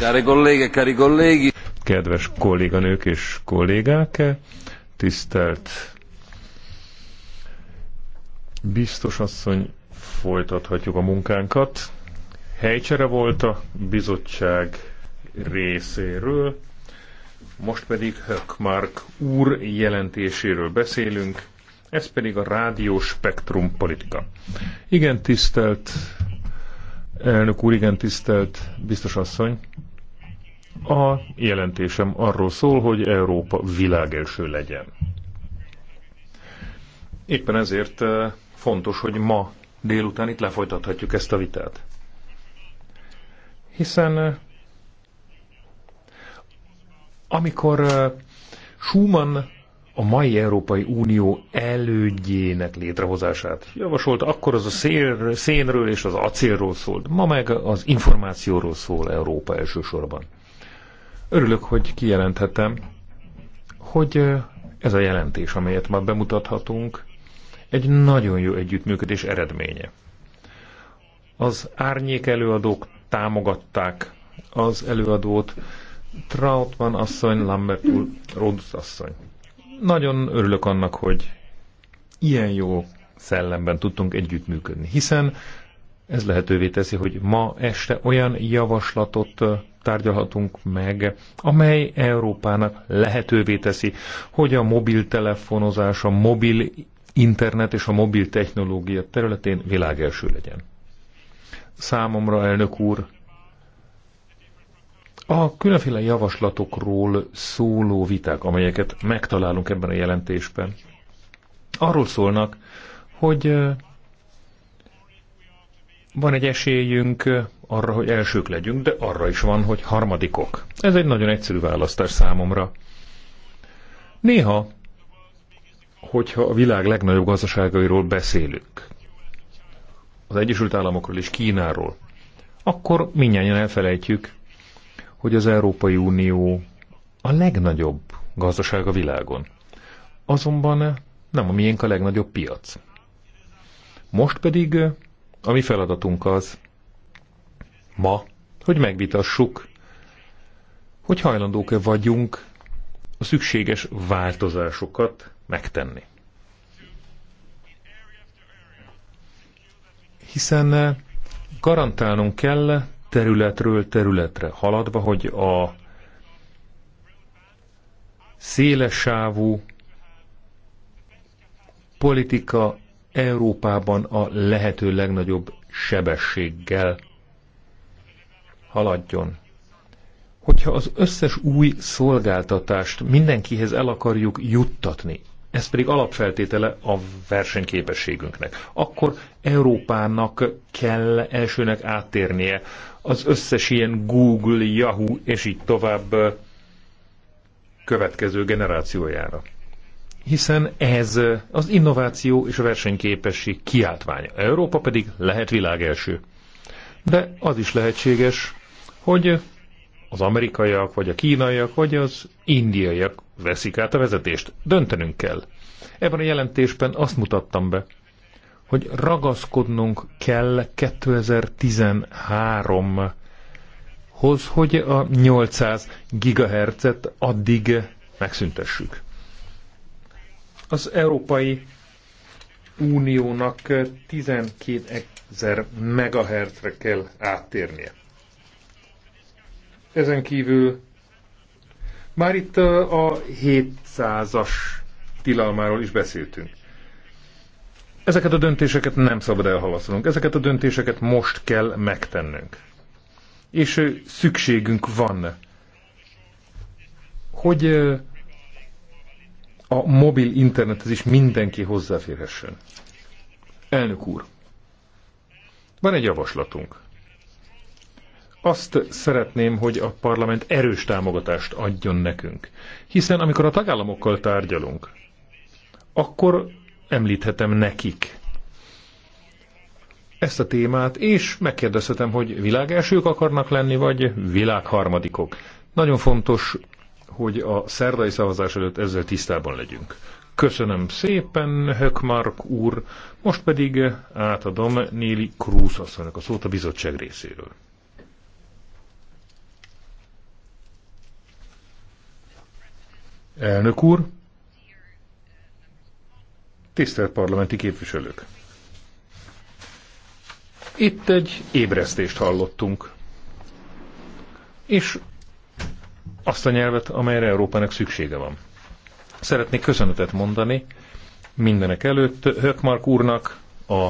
Care kollége, cari kollégi. Kedves kolléganők és kollégák, tisztelt biztos asszony, folytathatjuk a munkánkat. Helycsere volt a bizottság részéről, most pedig Höckmark úr jelentéséről beszélünk, ez pedig a rádió spektrum politika. Igen, tisztelt elnök úr, igen, tisztelt biztos asszony, a jelentésem arról szól, hogy Európa világelső legyen. Éppen ezért eh, fontos, hogy ma délután itt lefolytathatjuk ezt a vitát. Hiszen eh, amikor eh, Schumann a mai Európai Unió elődjének létrehozását javasolta, akkor az a szél, szénről és az acélról szólt, ma meg az információról szól Európa elsősorban. Örülök, hogy kijelenthetem, hogy ez a jelentés, amelyet ma bemutathatunk, egy nagyon jó együttműködés eredménye. Az árnyék előadók támogatták az előadót, Trautmann asszony, Lambert úr, Rodus asszony. Nagyon örülök annak, hogy ilyen jó szellemben tudtunk együttműködni, hiszen ez lehetővé teszi, hogy ma este olyan javaslatot tárgyalhatunk meg, amely Európának lehetővé teszi, hogy a mobiltelefonozás, a mobil internet és a mobil technológia területén világelső legyen. Számomra, elnök úr, a különféle javaslatokról szóló viták, amelyeket megtalálunk ebben a jelentésben, arról szólnak, hogy van egy esélyünk arra, hogy elsők legyünk, de arra is van, hogy harmadikok. Ez egy nagyon egyszerű választás számomra. Néha, hogyha a világ legnagyobb gazdaságairól beszélünk, az Egyesült Államokról és Kínáról, akkor mindjárt elfelejtjük, hogy az Európai Unió a legnagyobb gazdaság a világon. Azonban nem a miénk a legnagyobb piac. Most pedig a mi feladatunk az ma, hogy megvitassuk, hogy hajlandók-e vagyunk a szükséges változásokat megtenni. Hiszen garantálnunk kell területről területre haladva, hogy a szélesávú politika Európában a lehető legnagyobb sebességgel haladjon. Hogyha az összes új szolgáltatást mindenkihez el akarjuk juttatni, ez pedig alapfeltétele a versenyképességünknek. Akkor Európának kell elsőnek áttérnie az összes ilyen Google, Yahoo és így tovább következő generációjára hiszen ez az innováció és a versenyképesség kiáltványa. Európa pedig lehet első. De az is lehetséges, hogy az amerikaiak, vagy a kínaiak, vagy az indiaiak veszik át a vezetést. Döntenünk kell. Ebben a jelentésben azt mutattam be, hogy ragaszkodnunk kell 2013-hoz, hogy a 800 GHz-et addig megszüntessük. Az Európai Uniónak 12 ezer megahertre kell áttérnie. Ezen kívül már itt a 700-as tilalmáról is beszéltünk. Ezeket a döntéseket nem szabad elhalasztanunk, ezeket a döntéseket most kell megtennünk. És szükségünk van, hogy a mobil internethez is mindenki hozzáférhessen. Elnök úr, van egy javaslatunk. Azt szeretném, hogy a parlament erős támogatást adjon nekünk, hiszen amikor a tagállamokkal tárgyalunk, akkor említhetem nekik ezt a témát, és megkérdezhetem, hogy világelsők akarnak lenni, vagy világharmadikok. Nagyon fontos hogy a szerdai szavazás előtt ezzel tisztában legyünk. Köszönöm szépen, Hökmark úr, most pedig átadom Néli Krúz asszonynak a szót a bizottság részéről. Elnök úr, tisztelt parlamenti képviselők! Itt egy ébresztést hallottunk. És azt a nyelvet, amelyre Európának szüksége van. Szeretnék köszönetet mondani mindenek előtt Hökmark úrnak, a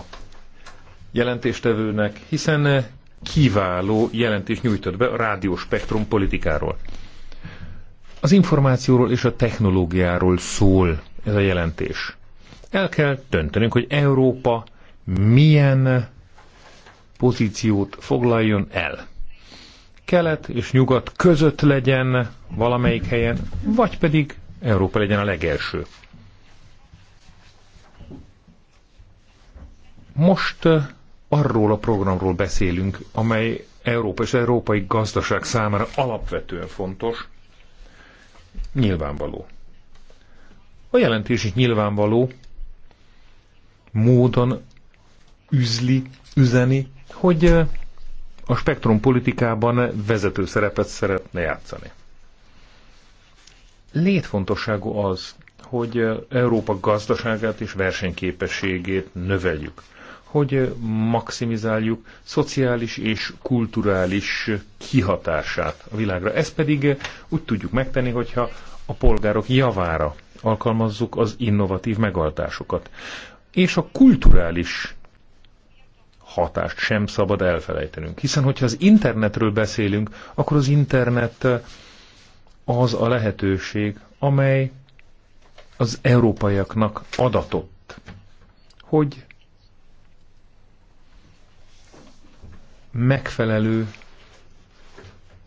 jelentéstevőnek, hiszen kiváló jelentést nyújtott be a rádió spektrum politikáról. Az információról és a technológiáról szól ez a jelentés. El kell döntenünk, hogy Európa milyen pozíciót foglaljon el kelet és nyugat között legyen valamelyik helyen, vagy pedig Európa legyen a legelső. Most uh, arról a programról beszélünk, amely Európa és európai gazdaság számára alapvetően fontos, nyilvánvaló. A jelentés is nyilvánvaló módon üzli, üzeni, hogy uh, a spektrum politikában vezető szerepet szeretne játszani. Létfontosságú az, hogy Európa gazdaságát és versenyképességét növeljük, hogy maximizáljuk szociális és kulturális kihatását a világra. Ezt pedig úgy tudjuk megtenni, hogyha a polgárok javára alkalmazzuk az innovatív megoldásokat. És a kulturális hatást sem szabad elfelejtenünk. Hiszen, hogyha az internetről beszélünk, akkor az internet az a lehetőség, amely az európaiaknak adatott, hogy megfelelő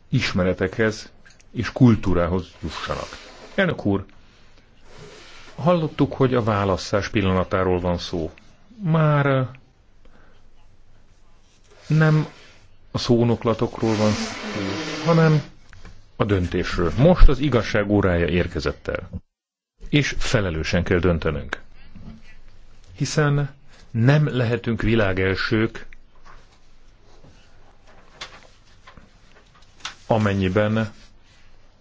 ismeretekhez és kultúrához jussanak. Elnök úr, hallottuk, hogy a választás pillanatáról van szó. Már nem a szónoklatokról van szó, hanem a döntésről. Most az igazság órája érkezett el. És felelősen kell döntenünk. Hiszen nem lehetünk világelsők, amennyiben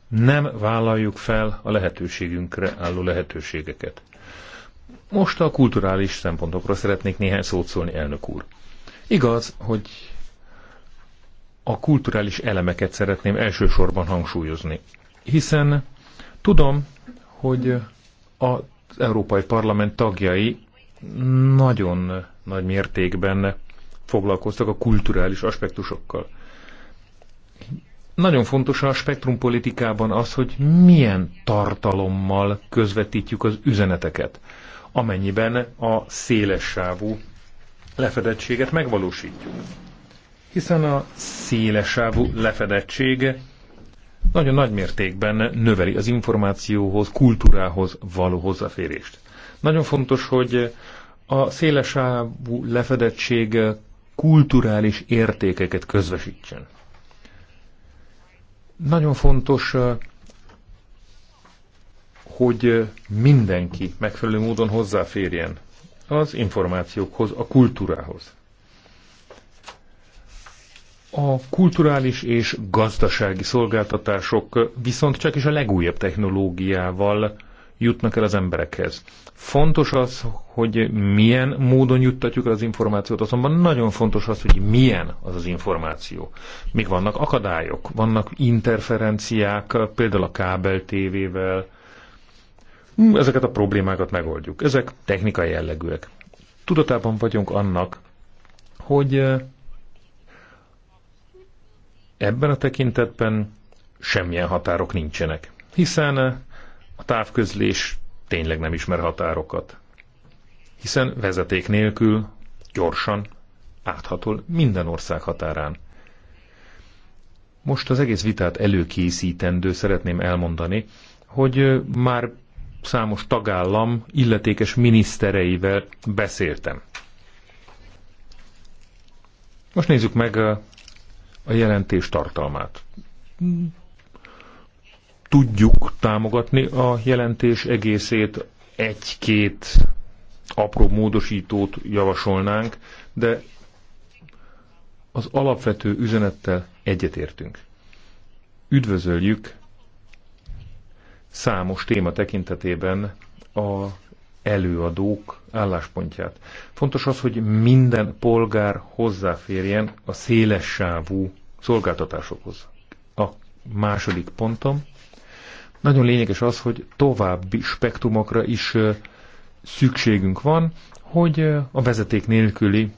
nem vállaljuk fel a lehetőségünkre álló lehetőségeket. Most a kulturális szempontokról szeretnék néhány szót szólni, elnök úr. Igaz, hogy a kulturális elemeket szeretném elsősorban hangsúlyozni, hiszen tudom, hogy az Európai Parlament tagjai nagyon nagy mértékben foglalkoztak a kulturális aspektusokkal. Nagyon fontos a spektrumpolitikában az, hogy milyen tartalommal közvetítjük az üzeneteket, amennyiben a széles sávú lefedettséget megvalósítjuk. Hiszen a szélesávú lefedettsége nagyon nagy mértékben növeli az információhoz, kultúrához való hozzáférést. Nagyon fontos, hogy a szélesávú lefedettség kulturális értékeket közvesítsen. Nagyon fontos, hogy mindenki megfelelő módon hozzáférjen az információkhoz, a kultúrához. A kulturális és gazdasági szolgáltatások viszont csak is a legújabb technológiával jutnak el az emberekhez. Fontos az, hogy milyen módon juttatjuk el az információt, azonban nagyon fontos az, hogy milyen az az információ. Még vannak akadályok, vannak interferenciák, például a kábel tévével, Hm, ezeket a problémákat megoldjuk. Ezek technikai jellegűek. Tudatában vagyunk annak, hogy eh, ebben a tekintetben semmilyen határok nincsenek, hiszen eh, a távközlés tényleg nem ismer határokat, hiszen vezeték nélkül gyorsan áthatol minden ország határán. Most az egész vitát előkészítendő szeretném elmondani, hogy eh, már számos tagállam illetékes minisztereivel beszéltem. Most nézzük meg a jelentés tartalmát. Tudjuk támogatni a jelentés egészét, egy-két apró módosítót javasolnánk, de az alapvető üzenettel egyetértünk. Üdvözöljük számos téma tekintetében a előadók álláspontját. Fontos az, hogy minden polgár hozzáférjen a széles sávú szolgáltatásokhoz. A második pontom. Nagyon lényeges az, hogy további spektrumokra is szükségünk van, hogy a vezeték nélküli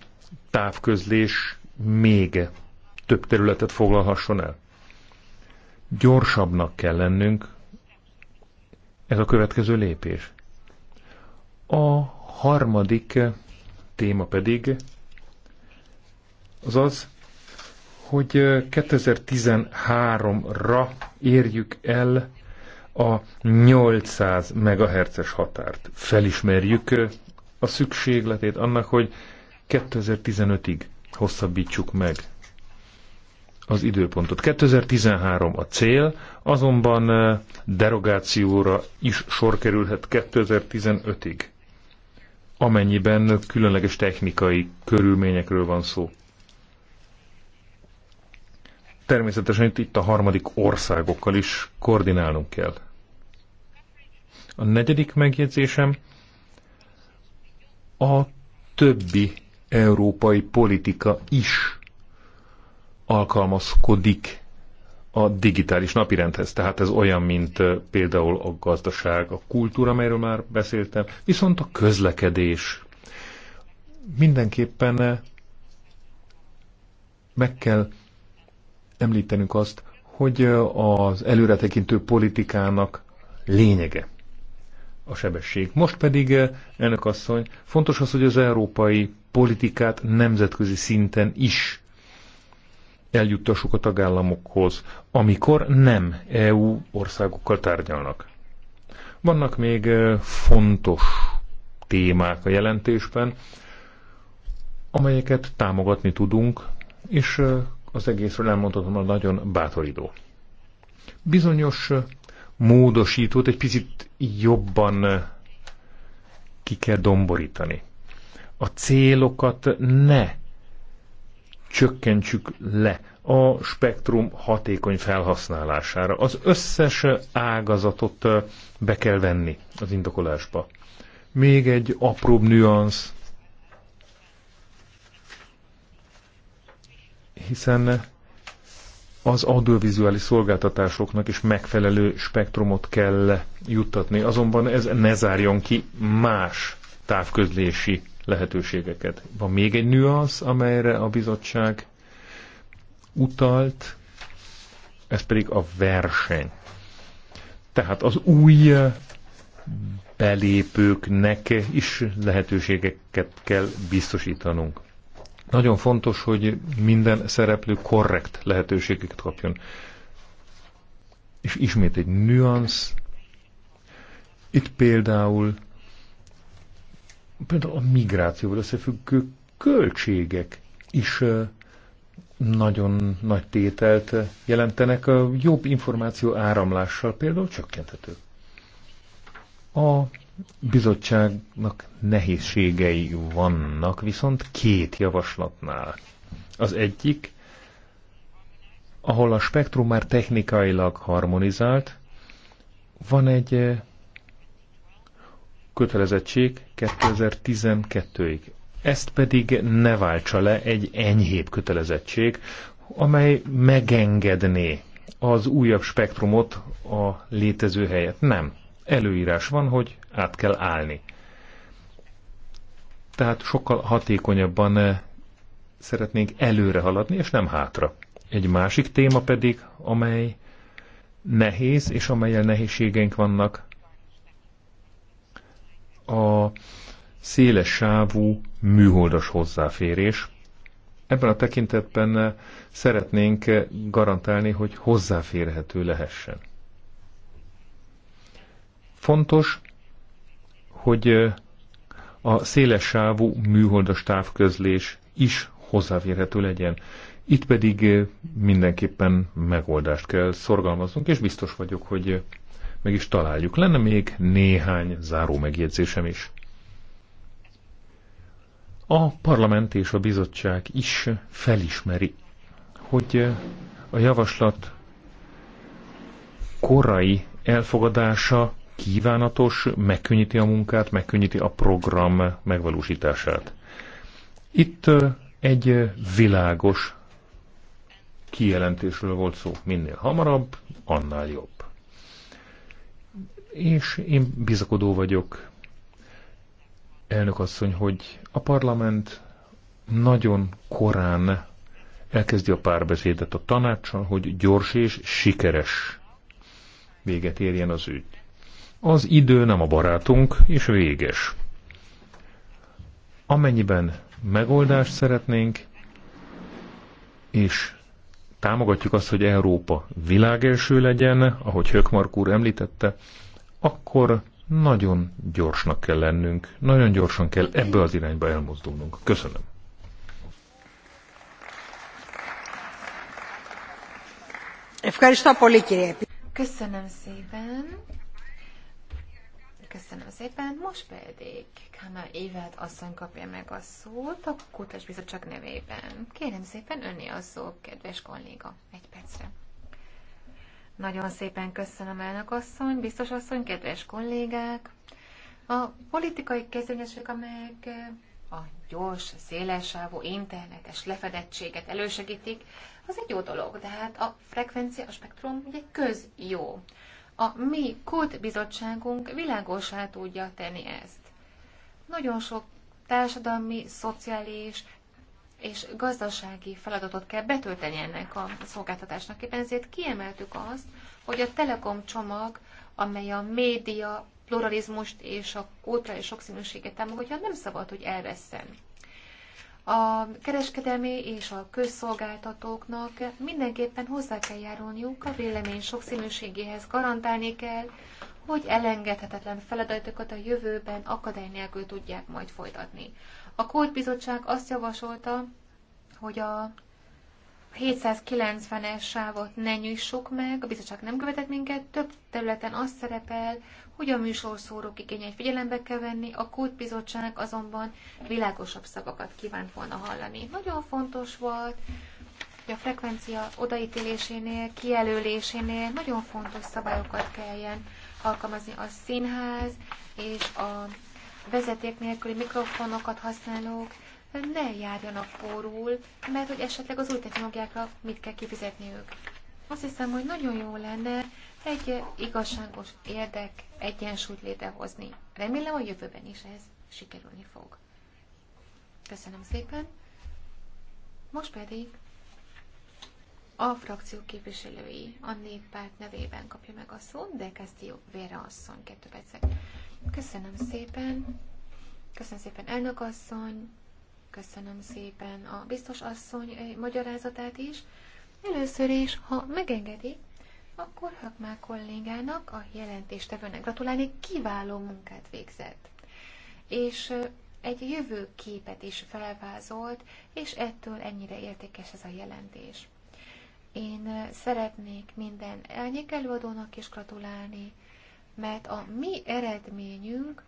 távközlés még több területet foglalhasson el. Gyorsabbnak kell lennünk, ez a következő lépés. A harmadik téma pedig az az, hogy 2013-ra érjük el a 800 MHz-es határt. Felismerjük a szükségletét annak, hogy 2015-ig hosszabbítsuk meg az időpontot. 2013 a cél, azonban derogációra is sor kerülhet 2015-ig, amennyiben különleges technikai körülményekről van szó. Természetesen itt, a harmadik országokkal is koordinálnunk kell. A negyedik megjegyzésem a többi európai politika is alkalmazkodik a digitális napirendhez. Tehát ez olyan, mint például a gazdaság, a kultúra, amelyről már beszéltem, viszont a közlekedés. Mindenképpen meg kell említenünk azt, hogy az előretekintő politikának lényege a sebesség. Most pedig, ennek asszony, fontos az, hogy az európai politikát nemzetközi szinten is eljuttassuk a tagállamokhoz, amikor nem EU országokkal tárgyalnak. Vannak még fontos témák a jelentésben, amelyeket támogatni tudunk, és az egészről elmondhatom, hogy nagyon bátorító. Bizonyos módosítót egy picit jobban ki kell domborítani. A célokat ne csökkentsük le a spektrum hatékony felhasználására. Az összes ágazatot be kell venni az indokolásba. Még egy apróbb nüansz, hiszen az audiovizuális szolgáltatásoknak is megfelelő spektrumot kell juttatni, azonban ez ne zárjon ki más távközlési lehetőségeket. Van még egy nüansz, amelyre a bizottság utalt, ez pedig a verseny. Tehát az új belépőknek is lehetőségeket kell biztosítanunk. Nagyon fontos, hogy minden szereplő korrekt lehetőségeket kapjon. És ismét egy nüansz. Itt például például a migrációval összefüggő költségek is nagyon nagy tételt jelentenek, a jobb információ áramlással például csökkenthető. A bizottságnak nehézségei vannak viszont két javaslatnál. Az egyik, ahol a spektrum már technikailag harmonizált, van egy kötelezettség 2012-ig. Ezt pedig ne váltsa le egy enyhébb kötelezettség, amely megengedné az újabb spektrumot a létező helyet. Nem. Előírás van, hogy át kell állni. Tehát sokkal hatékonyabban eh, szeretnénk előre haladni, és nem hátra. Egy másik téma pedig, amely nehéz, és amelyel nehézségeink vannak, a széles sávú műholdas hozzáférés. Ebben a tekintetben szeretnénk garantálni, hogy hozzáférhető lehessen. Fontos, hogy a széles sávú műholdas távközlés is hozzáférhető legyen. Itt pedig mindenképpen megoldást kell szorgalmaznunk, és biztos vagyok, hogy meg is találjuk. Lenne még néhány záró megjegyzésem is. A parlament és a bizottság is felismeri, hogy a javaslat korai elfogadása kívánatos, megkönnyíti a munkát, megkönnyíti a program megvalósítását. Itt egy világos kijelentésről volt szó. Minél hamarabb, annál jobb és én bizakodó vagyok, elnök asszony, hogy a parlament nagyon korán elkezdi a párbeszédet a tanácson hogy gyors és sikeres véget érjen az ügy. Az idő nem a barátunk, és véges. Amennyiben megoldást szeretnénk, és támogatjuk azt, hogy Európa világelső legyen, ahogy Hökmark úr említette, akkor nagyon gyorsnak kell lennünk, nagyon gyorsan kell ebbe az irányba elmozdulnunk. Köszönöm. Köszönöm szépen. Köszönöm szépen. Most pedig Kana Évet asszony kapja meg a szót a Kutas Bizottság nevében. Kérem szépen, önni a szó, kedves kolléga, egy percre. Nagyon szépen köszönöm, elnök asszony, biztos asszony, kedves kollégák. A politikai kezdeményezések, amelyek eh, a gyors, szélesávú, internetes lefedettséget elősegítik, az egy jó dolog, de hát a frekvencia, a spektrum ugye közjó. A mi KUD bizottságunk világosá tudja tenni ezt. Nagyon sok társadalmi, szociális, és gazdasági feladatot kell betölteni ennek a szolgáltatásnak. Éppen ezért kiemeltük azt, hogy a Telekom csomag, amely a média pluralizmust és a kulturális sokszínűséget támogatja, nem szabad, hogy elvesszen. A kereskedelmi és a közszolgáltatóknak mindenképpen hozzá kell járulniuk a vélemény sokszínűségéhez, garantálni kell, hogy elengedhetetlen feladatokat a jövőben akadály nélkül tudják majd folytatni. A Kult Bizottság azt javasolta, hogy a 790-es sávot ne nyissuk meg, a bizottság nem követett minket, több területen az szerepel, hogy a műsorszórók igényeit figyelembe kell venni, a Kult Bizottság azonban világosabb szavakat kívánt volna hallani. Nagyon fontos volt, hogy a frekvencia odaítélésénél, kijelölésénél nagyon fontos szabályokat kelljen alkalmazni a színház és a vezeték nélküli mikrofonokat használók ne járjanak pórul, mert hogy esetleg az új technológiákra mit kell kifizetniük. Azt hiszem, hogy nagyon jó lenne egy igazságos érdek egyensúlyt létrehozni. Remélem a jövőben is ez sikerülni fog. Köszönöm szépen. Most pedig a frakció képviselői a néppárt nevében kapja meg a szót, de Castillo Vera asszony kettő percet. Köszönöm szépen. Köszönöm szépen elnök asszony, köszönöm szépen a biztos asszony eh, magyarázatát is. Először is, ha megengedi, akkor Hakmá kollégának, a jelentéstevőnek gratulálni, kiváló munkát végzett. És eh, egy jövőképet is felvázolt, és ettől ennyire értékes ez a jelentés. Én eh, szeretnék minden előadónak is gratulálni, mert a mi eredményünk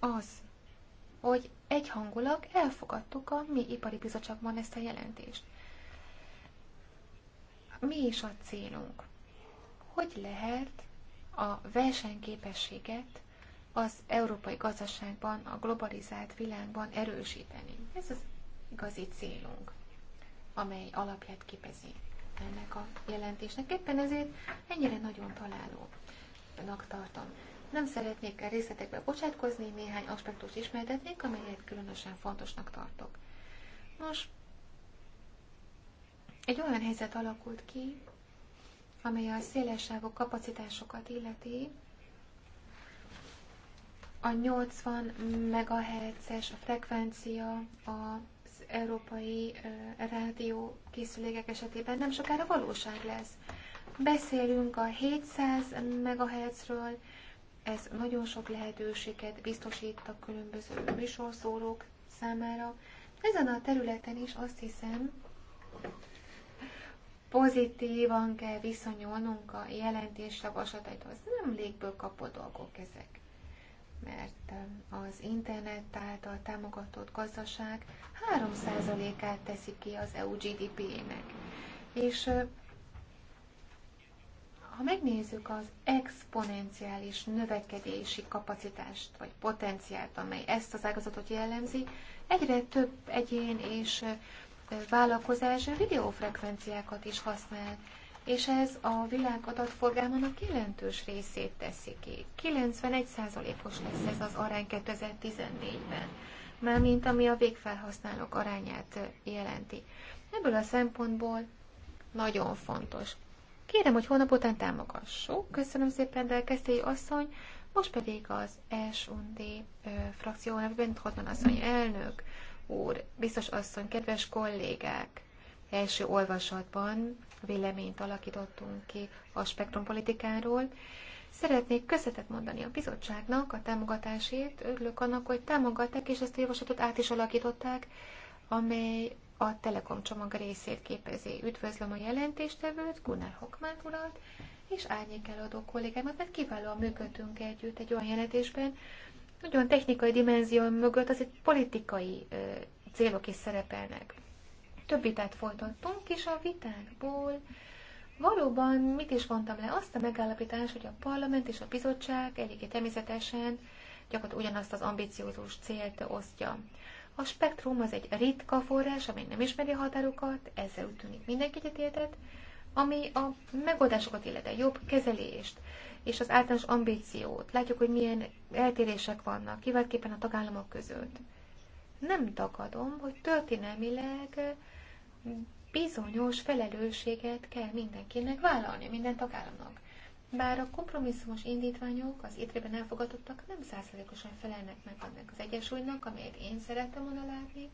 az, hogy egyhangulag elfogadtuk a mi ipari bizottságban ezt a jelentést. Mi is a célunk? Hogy lehet a versenyképességet az európai gazdaságban, a globalizált világban erősíteni? Ez az igazi célunk, amely alapját képezi ennek a jelentésnek. Éppen ezért ennyire nagyon találó fontosnak tartom. Nem szeretnék részletekbe bocsátkozni, néhány aspektust ismertetnék, amelyet különösen fontosnak tartok. Nos, egy olyan helyzet alakult ki, amely a szélessávú kapacitásokat illeti, a 80 MHz-es frekvencia az európai rádió készülékek esetében nem sokára valóság lesz. Beszélünk a 700 MHz-ről, ez nagyon sok lehetőséget biztosít a különböző műsorszórók számára. Ezen a területen is azt hiszem, pozitívan kell viszonyolnunk a jelentés javaslataithoz. Nem légből kapott dolgok ezek, mert az internet által támogatott gazdaság 3%-át teszi ki az EU GDP-nek. És ha megnézzük az exponenciális növekedési kapacitást vagy potenciált, amely ezt az ágazatot jellemzi, egyre több egyén és vállalkozás videófrekvenciákat is használ, és ez a világ adatforgalmának jelentős részét teszi ki. 91%-os lesz ez az arány 2014-ben, mármint ami a végfelhasználók arányát jelenti. Ebből a szempontból nagyon fontos. Kérem, hogy holnap után támogassuk. Köszönöm szépen, de Kesztélyi asszony, most pedig az S.U.N.D. frakció nevében Hotman asszony elnök, úr, biztos asszony, kedves kollégák, első olvasatban véleményt alakítottunk ki a spektrumpolitikáról. Szeretnék köszönetet mondani a bizottságnak a támogatásért. Örülök annak, hogy támogatták, és ezt a javaslatot át is alakították, amely a Telekom csomag részét képezi. Üdvözlöm a jelentéstevőt, Gunnar Hockmann urat, és árnyék eladó kollégámat, mert kiválóan működtünk együtt egy olyan jelentésben, nagyon technikai dimenzió mögött azért politikai ö, célok is szerepelnek. Több vitát folytattunk, és a vitákból valóban mit is mondtam le, azt a megállapítás, hogy a parlament és a bizottság eléggé természetesen gyakorlatilag ugyanazt az ambiciózus célt osztja. A spektrum az egy ritka forrás, amely nem ismeri a határokat, ezzel úgy tűnik mindenki egyetértett, ami a megoldásokat illeti, jobb kezelést és az általános ambíciót. Látjuk, hogy milyen eltérések vannak, kiváltképpen a tagállamok között. Nem tagadom, hogy történelmileg bizonyos felelősséget kell mindenkinek vállalni, minden tagállamnak. Bár a kompromisszumos indítványok az étrében elfogadottak nem százalékosan felelnek meg annak az egyensúlynak, amelyet én szeretem volna látni,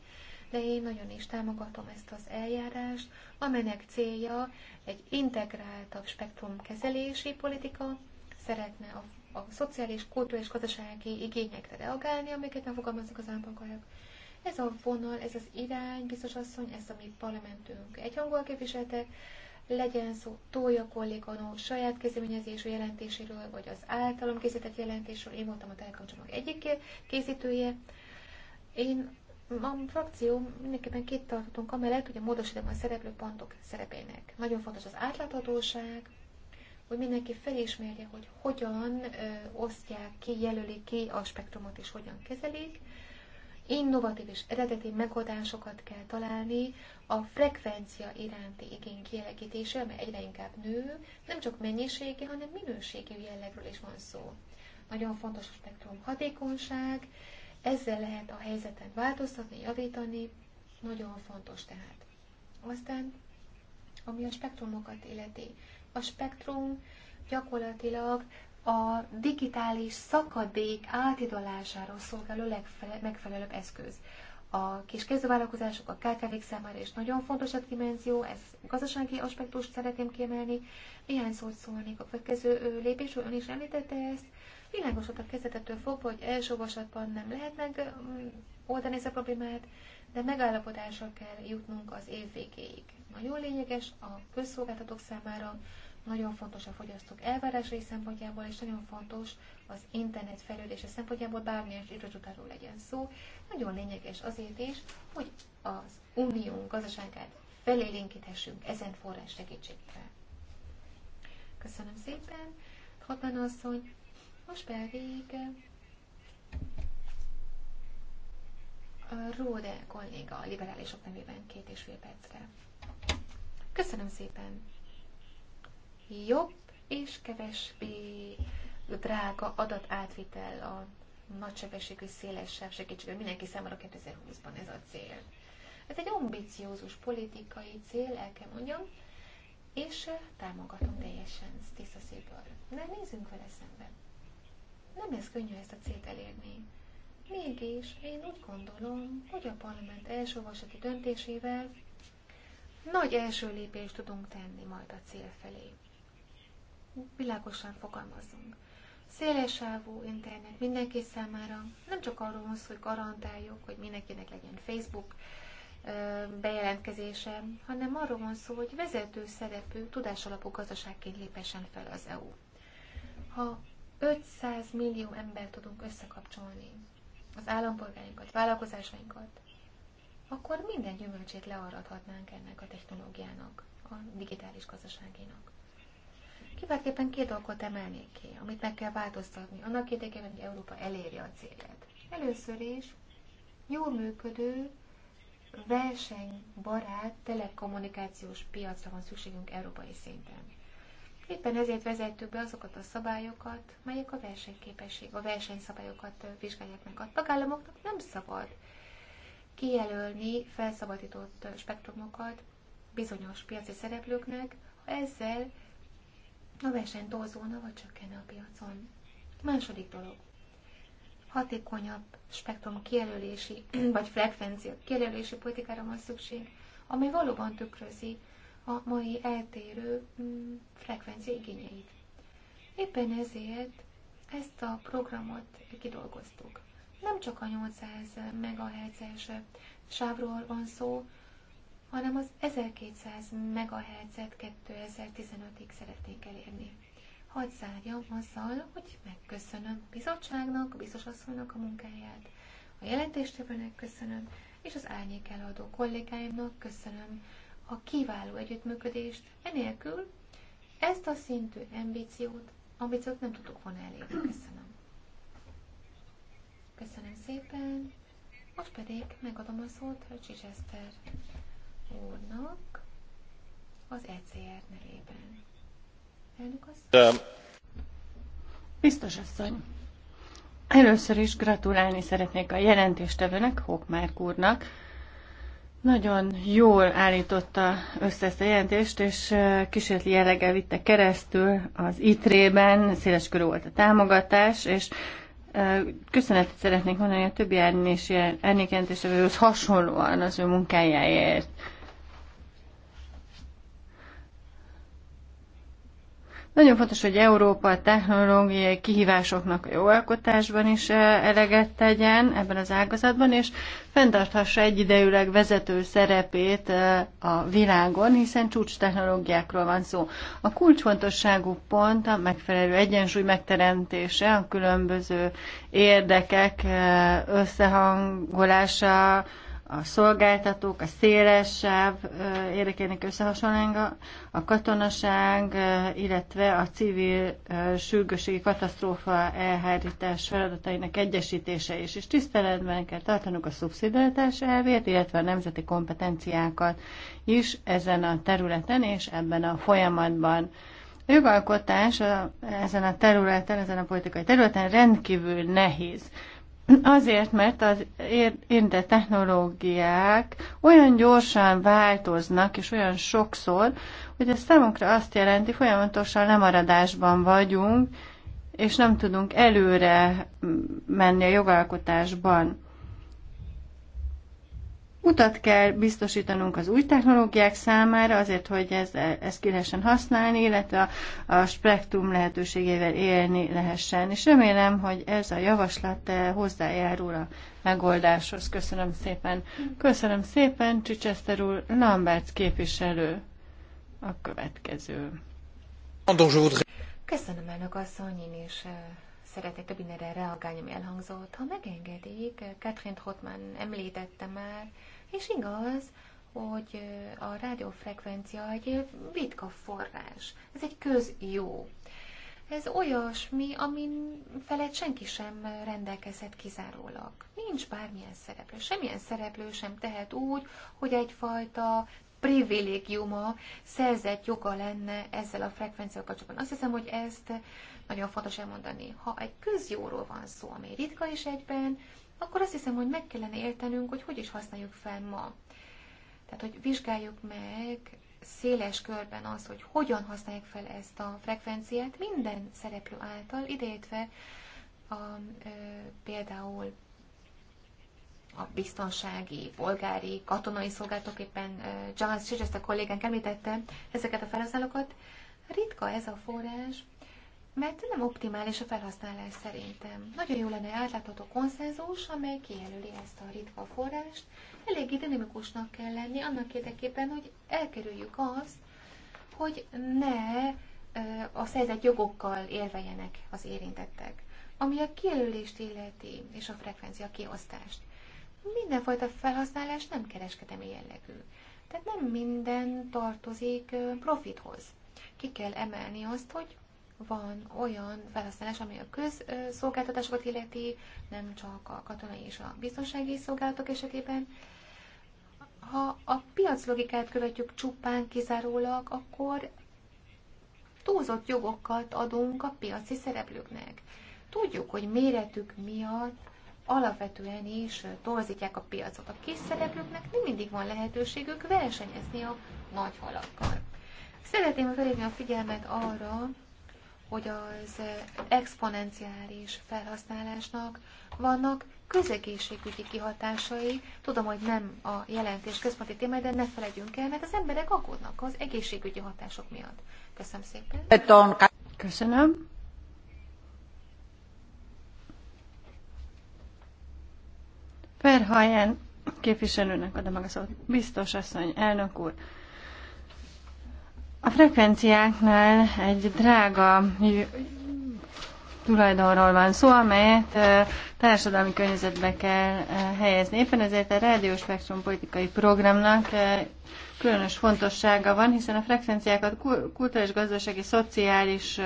de én nagyon is támogatom ezt az eljárást, amelynek célja egy integráltabb spektrum kezelési politika, szeretne a, a szociális, kulturális, gazdasági igényekre reagálni, amiket megfogalmaznak az állampolgárok. Ez a vonal, ez az irány, biztos asszony, ezt a mi parlamentünk egyhangúan képviselte, legyen szó Tója kolléganó saját kezdeményezésű jelentéséről, vagy az általam készített jelentésről, én voltam a telekomcsomag egyik készítője. Én a frakció mindenképpen két tartottunk amellett, hogy a módosítom a szereplő pontok szerepének. Nagyon fontos az átláthatóság, hogy mindenki felismerje, hogy hogyan ö, osztják ki, jelölik ki a spektrumot és hogyan kezelik innovatív és eredeti megoldásokat kell találni a frekvencia iránti igény kielegítése, amely egyre inkább nő, nem csak mennyiségi, hanem minőségi jellegről is van szó. Nagyon fontos a spektrum hatékonyság, ezzel lehet a helyzetet változtatni, javítani, nagyon fontos tehát. Aztán, ami a spektrumokat illeti, a spektrum gyakorlatilag a digitális szakadék átidalására szolgáló legmegfelelőbb eszköz. A kis kezdővállalkozások, a kkv számára is nagyon fontos a dimenzió, ez gazdasági aspektust szeretném kiemelni. Néhány szót szólnék a következő lépésről, ön is említette ezt. Világos volt a kezdetettől fogva, hogy első olvasatban nem lehet megoldani ezt a problémát, de megállapodásra kell jutnunk az év végéig. Nagyon lényeges a közszolgáltatók számára, nagyon fontos a fogyasztók elvárásai szempontjából, és nagyon fontos az internet fejlődése szempontjából, bármilyen irányzatáról legyen szó. Nagyon lényeges azért is, hogy az unió gazdaságát felélénkíthessünk ezen forrás segítségével. Köszönöm szépen, Hatman asszony, most pedig eh, Róde kolléga a liberálisok nevében két és fél percre. Köszönöm szépen! jobb és kevesbé drága adatátvitel a nagysebességű, széles segítségű, mindenki számára 2020-ban ez a cél. Ez egy ambiciózus politikai cél, el kell mondjam, és eh, támogatom teljesen tiszta szívből. De nézzünk vele szemben. Nem ez könnyű ezt a célt elérni. Mégis én úgy gondolom, hogy a parlament első olvasati döntésével nagy első lépést tudunk tenni majd a cél felé világosan fogalmazzunk. Szélesávú internet mindenki számára, nem csak arról van szó, hogy garantáljuk, hogy mindenkinek legyen Facebook bejelentkezése, hanem arról van szó, hogy vezető szerepű, tudásalapú gazdaságként lépessen fel az EU. Ha 500 millió ember tudunk összekapcsolni, az állampolgáinkat, vállalkozásainkat, akkor minden gyümölcsét learadhatnánk ennek a technológiának, a digitális gazdaságénak. Kiváltképpen két dolgot emelnék ki, amit meg kell változtatni, annak érdekében, hogy Európa elérje a célját. Először is jól működő, versenybarát telekommunikációs piacra van szükségünk európai szinten. Éppen ezért vezettük be azokat a szabályokat, melyek a versenyképesség, a versenyszabályokat vizsgálják meg. A tagállamoknak nem szabad kijelölni felszabadított spektrumokat bizonyos piaci szereplőknek, ha ezzel a verseny torzulna vagy csökkenne a piacon. Második dolog. Hatékonyabb spektrum kijelölési vagy frekvencia kijelölési politikára van szükség, amely valóban tükrözi a mai eltérő mm, frekvencia igényeit. Éppen ezért ezt a programot kidolgoztuk. Nem csak a 800 MHz-es sávról van szó, hanem az 1200 MHz-et 2015-ig szeretnénk elérni. Hadd zárjam azzal, hogy megköszönöm a bizottságnak, a biztos asszonynak a munkáját, a jelentéstevőnek köszönöm, és az árnyék eladó kollégáimnak köszönöm a kiváló együttműködést, enélkül ezt a szintű ambíciót, ambíciót nem tudok volna elérni. Köszönöm. Köszönöm szépen. Most pedig megadom a szót Csicseszter úrnak az ECR nevében. Elnök asszony. Biztos asszony. Először is gratulálni szeretnék a jelentéstevőnek, Hokmárk úrnak. Nagyon jól állította össze ezt a jelentést, és kísérleti jelleggel vitte keresztül az ITRE-ben, széles volt a támogatás, és köszönetet szeretnék mondani a többi jelentéstevőhöz hasonlóan az ő munkájáért. Nagyon fontos, hogy Európa a technológiai kihívásoknak a jó alkotásban is eh, eleget tegyen ebben az ágazatban, és fenntarthassa egyidejűleg vezető szerepét eh, a világon, hiszen csúcs technológiákról van szó. A kulcsfontosságú pont a megfelelő egyensúly megteremtése, a különböző érdekek eh, összehangolása, a szolgáltatók, a széles sáv érdekének összehasonlánga, a katonaság, illetve a civil sürgőségi katasztrófa elhárítás feladatainak egyesítése is, és tiszteletben kell tartanunk a szubszidálatás elvét, illetve a nemzeti kompetenciákat is ezen a területen és ebben a folyamatban. A jogalkotás a, ezen a területen, ezen a politikai területen rendkívül nehéz. Azért, mert az érde technológiák olyan gyorsan változnak, és olyan sokszor, hogy ez számunkra azt jelenti, folyamatosan lemaradásban vagyunk, és nem tudunk előre menni a jogalkotásban. Utat kell biztosítanunk az új technológiák számára, azért, hogy ez, ezt ki lehessen használni, illetve a, a spektrum lehetőségével élni lehessen. És remélem, hogy ez a javaslat eh, hozzájárul a megoldáshoz. Köszönöm szépen. Köszönöm szépen, Csicseszter úr, Lamberts képviselő a következő. Köszönöm, elnök asszony, én is eh, szeretnék több mindenre reagálni, ami elhangzott. Ha megengedik, eh, Catherine Trotman említette már, és igaz, hogy a rádiófrekvencia egy ritka forrás. Ez egy közjó. Ez olyasmi, amin felett senki sem rendelkezhet kizárólag. Nincs bármilyen szereplő. Semmilyen szereplő sem tehet úgy, hogy egyfajta privilégiuma, szerzett joga lenne ezzel a frekvenciával kapcsolatban. Azt hiszem, hogy ezt nagyon fontos elmondani. Ha egy közjóról van szó, ami ritka is egyben, akkor azt hiszem, hogy meg kellene értenünk, hogy hogy is használjuk fel ma. Tehát, hogy vizsgáljuk meg széles körben az, hogy hogyan használják fel ezt a frekvenciát minden szereplő által, ideértve a, ö, például a biztonsági, polgári, katonai szolgálatok, éppen Charles a kollégánk említette ezeket a felhasználókat. Ritka ez a forrás, mert nem optimális a felhasználás szerintem. Nagyon jó lenne átlátható konszenzus, amely kijelöli ezt a ritka forrást. Eléggé dinamikusnak kell lenni annak érdekében, hogy elkerüljük azt, hogy ne a szerzett jogokkal érveljenek az érintettek. Ami a kijelölést illeti, és a frekvencia kiosztást. Mindenfajta felhasználás nem kereskedemi jellegű. Tehát nem minden tartozik profithoz. Ki kell emelni azt, hogy van olyan felhasználás, ami a közszolgáltatásokat illeti, nem csak a katonai és a biztonsági szolgálatok esetében. Ha a piac logikát követjük csupán kizárólag, akkor túlzott jogokat adunk a piaci szereplőknek. Tudjuk, hogy méretük miatt alapvetően is torzítják a piacot. A kis szereplőknek nem mindig van lehetőségük versenyezni a nagy halakkal. Szeretném felhívni a figyelmet arra, hogy az exponenciális felhasználásnak vannak közegészségügyi kihatásai. Tudom, hogy nem a jelentés központi téma, de ne felejtjünk el, mert az emberek aggódnak az egészségügyi hatások miatt. Köszönöm szépen. Köszönöm. Ferhajen képviselőnek adom meg a szót. Biztos asszony, elnök úr. A frekvenciáknál egy drága tulajdonról van szó, amelyet társadalmi környezetbe kell helyezni. Éppen ezért a rádióspektrum politikai programnak különös fontossága van, hiszen a frekvenciákat kulturális, gazdasági, szociális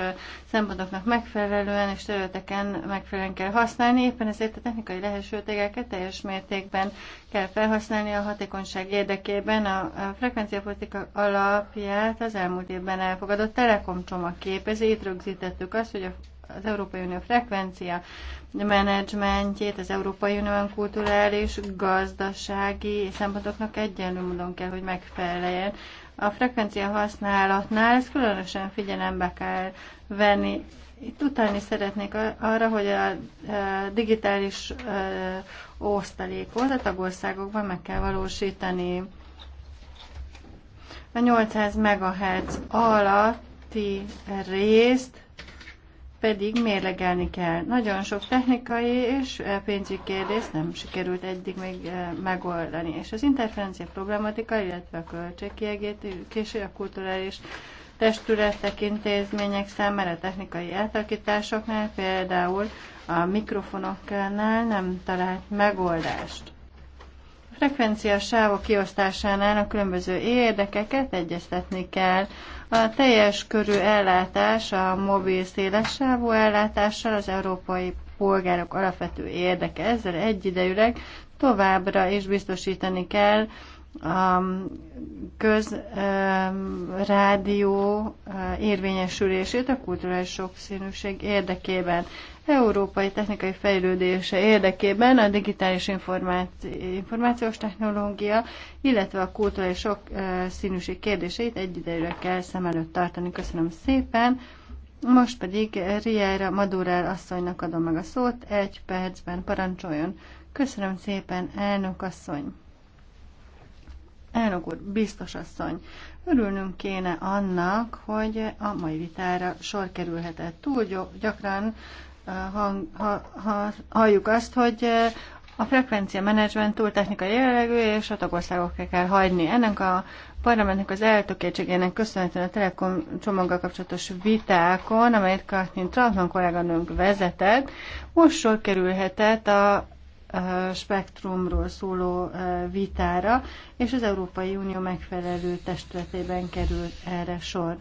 szempontoknak megfelelően és területeken megfelelően kell használni, éppen ezért a technikai lehetőségeket teljes mértékben kell felhasználni a hatékonyság érdekében. A frekvenciapolitika alapját az elmúlt évben elfogadott Telekom csomag képezi, itt rögzítettük azt, hogy a az Európai Unió frekvencia menedzsmentjét, az Európai Unión kulturális, gazdasági szempontoknak egyenlő módon kell, hogy megfeleljen. A frekvencia használatnál ezt különösen figyelembe kell venni. Itt utáni szeretnék arra, hogy a digitális osztalékot a tagországokban meg kell valósítani. A 800 MHz alatti részt pedig mérlegelni kell. Nagyon sok technikai és eh, pénzügyi kérdés nem sikerült eddig még eh, megoldani, és az interferencia problematika, illetve a költségkiegítés, a kulturális testületek, intézmények számára a technikai átalakításoknál, például a mikrofonoknál nem talált megoldást. A frekvencia sávok kiosztásánál a különböző érdekeket egyeztetni kell a teljes körű ellátás, a mobil szélessávú ellátással az európai polgárok alapvető érdeke. Ezzel egyidejűleg továbbra is biztosítani kell a közrádió érvényesülését a kulturális sokszínűség érdekében európai technikai fejlődése érdekében a digitális informáci- információs technológia, illetve a kultúra és sok színűség kérdéseit egyidejűre kell szem előtt tartani. Köszönöm szépen! Most pedig Riera Madurel asszonynak adom meg a szót, egy percben parancsoljon. Köszönöm szépen, elnök asszony! Elnök úr, biztos asszony, örülnünk kéne annak, hogy a mai vitára sor kerülhetett. Túl gyakran hang, ha, ha, halljuk azt, hogy a frekvencia menedzsment túl technikai jellegű, és a tagországokra kell hagyni. Ennek a parlamentnek az eltökéltségének köszönhetően a Telekom csomaggal kapcsolatos vitákon, amelyet Katrin Trautmann kolléganőnk vezetett, most sor kerülhetett a spektrumról szóló vitára, és az Európai Unió megfelelő testületében kerül erre sor.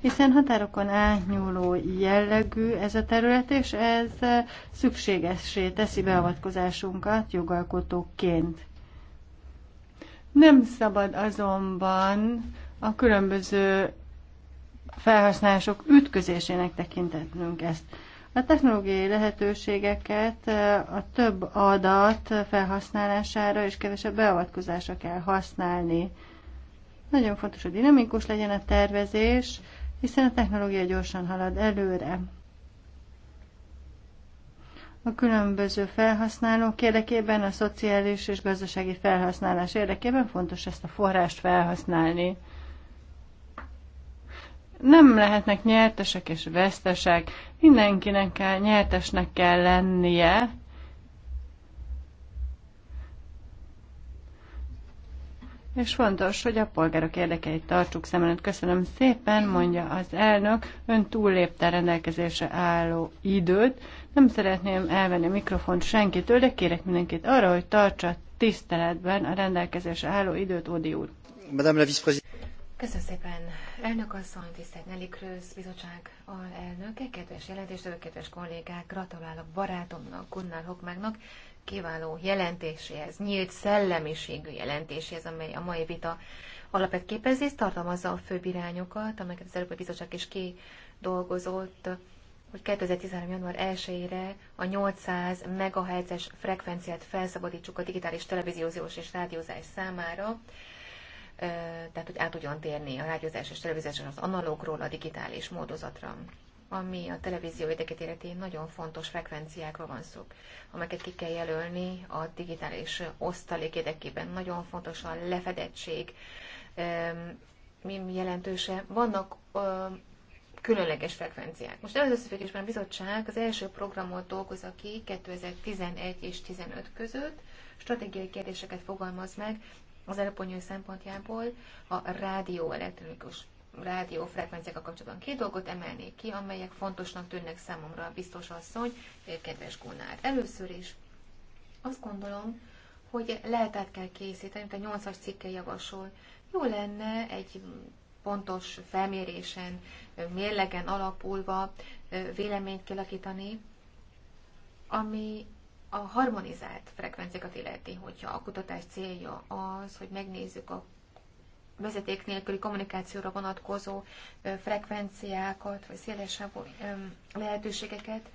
Hiszen határokon átnyúló jellegű ez a terület, és ez szükségessé teszi beavatkozásunkat jogalkotóként. Nem szabad azonban a különböző felhasználások ütközésének tekintetnünk ezt. A technológiai lehetőségeket a több adat felhasználására és kevesebb beavatkozásra kell használni. Nagyon fontos, hogy dinamikus legyen a tervezés, hiszen a technológia gyorsan halad előre. A különböző felhasználók érdekében, a szociális és gazdasági felhasználás érdekében fontos ezt a forrást felhasználni nem lehetnek nyertesek és vesztesek, mindenkinek kell, nyertesnek kell lennie. És fontos, hogy a polgárok érdekeit tartsuk szem előtt. Köszönöm szépen, mondja az elnök. Ön túllépte rendelkezésre álló időt. Nem szeretném elvenni a mikrofont senkitől, de kérek mindenkit arra, hogy tartsa tiszteletben a rendelkezésre álló időt, Odi úr. Madame la vice Köszönöm szépen, elnök asszony, tisztelt Nelly Krősz, bizottság elnöke, kedves jelentéstevő, kedves kollégák, gratulálok barátomnak, Gunnar Hokmágnak, kiváló jelentéséhez, nyílt szellemiségű jelentéséhez, amely a mai vita alapet képezi, tartalmazza a fő irányokat, amelyeket az Európai Bizottság is kidolgozott, hogy 2013. január 1-ére a 800 MHz-es frekvenciát felszabadítsuk a digitális televíziós és rádiózás számára, tehát hogy át tudjon térni a rádiózás és televíziós az analógról a digitális módozatra ami a televízió ideget életén nagyon fontos frekvenciákról van szó, amelyeket ki kell jelölni a digitális osztalék érdekében. Nagyon fontos a lefedettség, mi jelentőse. Vannak különleges frekvenciák. Most az összefüggésben a bizottság az első programot dolgozza ki 2011 és 2015 között, stratégiai kérdéseket fogalmaz meg, az Európai szempontjából a rádió elektronikus rádiófrekvenciákkal kapcsolatban két dolgot emelnék ki, amelyek fontosnak tűnnek számomra a biztos asszony, kedves Gunnár. Először is azt gondolom, hogy át kell készíteni, mint a 8-as cikke javasol. Jó lenne egy pontos felmérésen, mérlegen alapulva véleményt kialakítani, ami a harmonizált frekvenciákat illeti, hogyha a kutatás célja az, hogy megnézzük a vezeték nélküli kommunikációra vonatkozó frekvenciákat, vagy szélesebb lehetőségeket,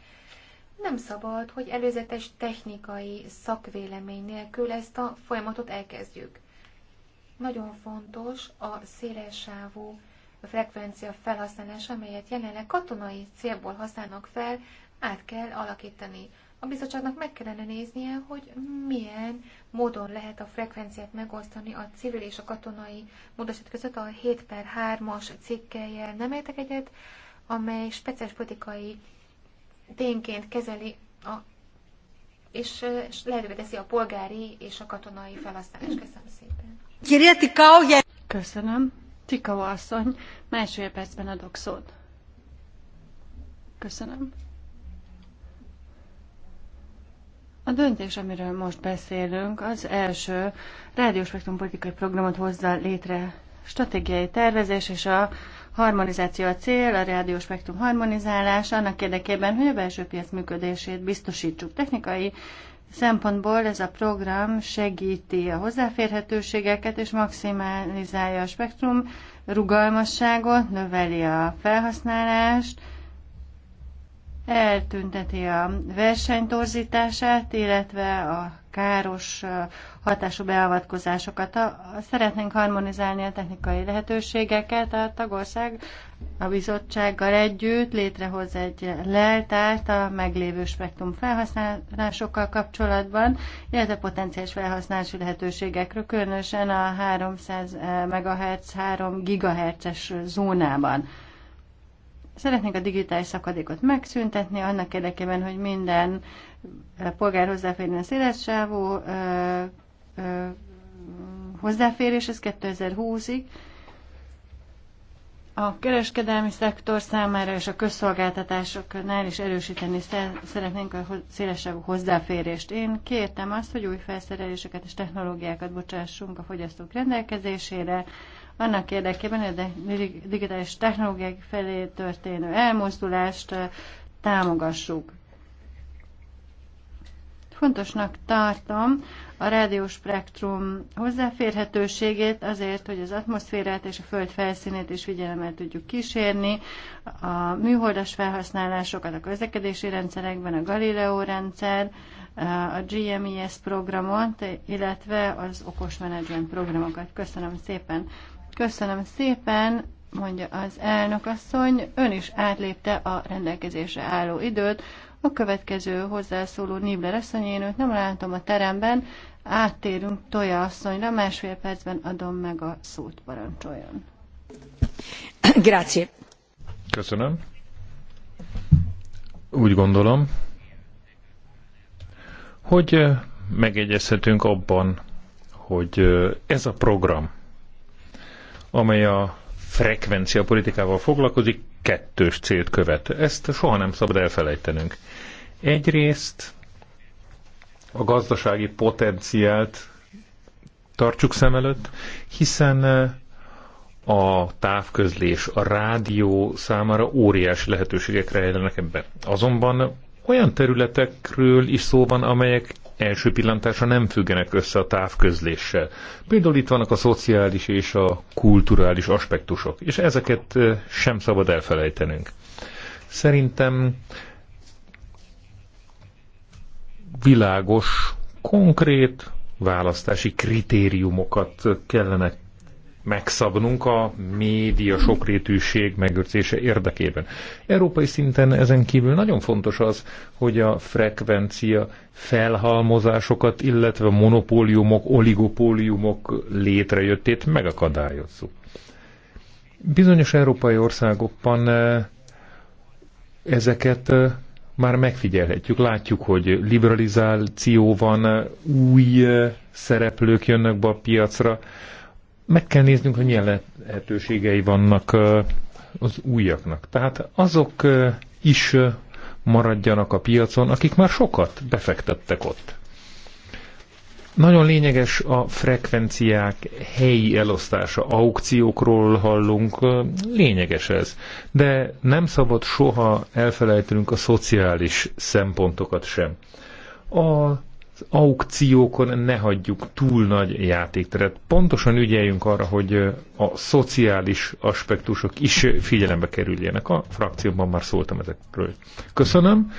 nem szabad, hogy előzetes technikai szakvélemény nélkül ezt a folyamatot elkezdjük. Nagyon fontos a szélessávú frekvencia felhasználása, amelyet jelenleg katonai célból használnak fel, át kell alakítani a bizottságnak meg kellene néznie, hogy milyen módon lehet a frekvenciát megosztani a civil és a katonai módosít között a 7 per 3-as cikkeljel. Nem értek egyet, amely speciális politikai tényként kezeli a, és, és lehetővé teszi a polgári és a katonai felhasználást. Köszönöm szépen. Köszönöm. Tika asszony, másfél percben adok szót. Köszönöm. A döntés, amiről most beszélünk, az első rádióspektrum politikai programot hozza létre stratégiai tervezés és a harmonizáció a cél, a rádióspektrum harmonizálása, annak érdekében, hogy a belső piac működését biztosítsuk. Technikai szempontból ez a program segíti a hozzáférhetőségeket és maximalizálja a spektrum rugalmasságot, növeli a felhasználást, eltünteti a versenytorzítását, illetve a káros hatású beavatkozásokat. Szeretnénk harmonizálni a technikai lehetőségeket. A tagország a bizottsággal együtt létrehoz egy leltárt a meglévő spektrum felhasználásokkal kapcsolatban, illetve potenciális felhasználási lehetőségekről, különösen a 300 MHz, 3 GHz-es zónában. Szeretnénk a digitális szakadékot megszüntetni, annak érdekében, hogy minden eh, polgár hozzáférjen a szélessávú eh, eh, hozzáférés, ez 2020-ig. A kereskedelmi szektor számára és a közszolgáltatásoknál is erősíteni szeretnénk a szélesebb hozzáférést. Én kértem azt, hogy új felszereléseket és technológiákat bocsássunk a fogyasztók rendelkezésére, annak érdekében, hogy a digitális technológiák felé történő elmozdulást támogassuk. Fontosnak tartom a rádióspektrum hozzáférhetőségét azért, hogy az atmoszférát és a föld felszínét is figyelemmel tudjuk kísérni, a műholdas felhasználásokat a közlekedési rendszerekben, a Galileo rendszer, a GMES programot, illetve az okos menedzsment programokat. Köszönöm szépen. Köszönöm szépen, mondja az elnök asszony. Ön is átlépte a rendelkezésre álló időt. A következő hozzászóló Nibler asszony, én őt nem látom a teremben. Áttérünk Toja asszonyra, másfél percben adom meg a szót, parancsoljon. Grazie. Köszönöm. Úgy gondolom, hogy eh, megegyezhetünk abban, hogy eh, ez a program, amely a frekvencia politikával foglalkozik, kettős célt követ. Ezt soha nem szabad elfelejtenünk. Egyrészt a gazdasági potenciált tartsuk szem előtt, hiszen a távközlés, a rádió számára óriási lehetőségek rejlenek ebben. Azonban olyan területekről is szó van, amelyek első pillantásra nem függenek össze a távközléssel. Például itt vannak a szociális és a kulturális aspektusok, és ezeket sem szabad elfelejtenünk. Szerintem világos, konkrét választási kritériumokat kellene megszabnunk a média sokrétűség megőrzése érdekében. Európai szinten ezen kívül nagyon fontos az, hogy a frekvencia felhalmozásokat, illetve monopóliumok, oligopóliumok létrejöttét megakadályozzuk. Bizonyos európai országokban eh, ezeket eh, már megfigyelhetjük. Látjuk, hogy liberalizáció van, eh, új szereplők jönnek be a piacra, meg kell néznünk, hogy milyen lehetőségei vannak az újaknak. Tehát azok is maradjanak a piacon, akik már sokat befektettek ott. Nagyon lényeges a frekvenciák helyi elosztása, aukciókról hallunk, lényeges ez. De nem szabad soha elfelejtenünk a szociális szempontokat sem. A az aukciókon ne hagyjuk túl nagy játékteret. Pontosan ügyeljünk arra, hogy a szociális aspektusok is figyelembe kerüljenek. A frakcióban már szóltam ezekről. Köszönöm.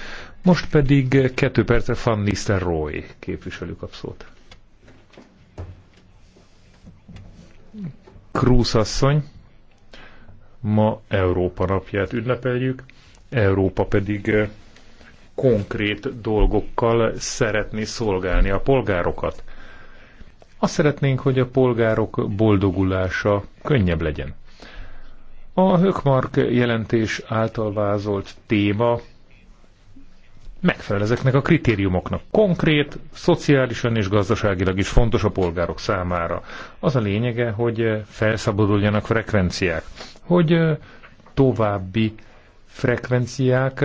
Most pedig kettő percre Van Nistelrooy képviselő kap szót. Krúz asszony, ma Európa napját ünnepeljük, Európa pedig konkrét dolgokkal szeretni szolgálni a polgárokat. Azt szeretnénk, hogy a polgárok boldogulása könnyebb legyen. A Hökmark jelentés által vázolt téma megfelel ezeknek a kritériumoknak. Konkrét, szociálisan és gazdaságilag is fontos a polgárok számára. Az a lényege, hogy felszabaduljanak frekvenciák, hogy további frekvenciák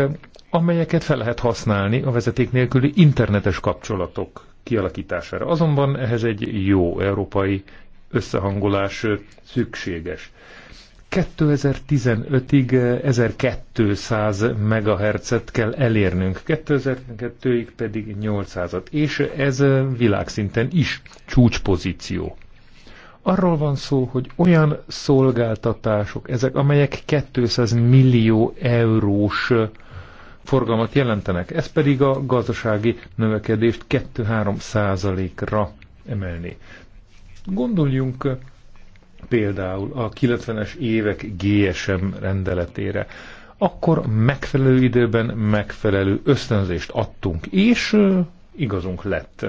amelyeket fel lehet használni a vezeték nélküli internetes kapcsolatok kialakítására. Azonban ehhez egy jó európai összehangolás szükséges. 2015-ig 1200 MHz-et kell elérnünk, 2002-ig pedig 800-at, és ez világszinten is csúcspozíció. Arról van szó, hogy olyan szolgáltatások, ezek, amelyek 200 millió eurós forgalmat jelentenek. Ez pedig a gazdasági növekedést 2-3 százalékra emelni. Gondoljunk például a 90-es évek GSM rendeletére, akkor megfelelő időben megfelelő ösztönzést adtunk, és igazunk lett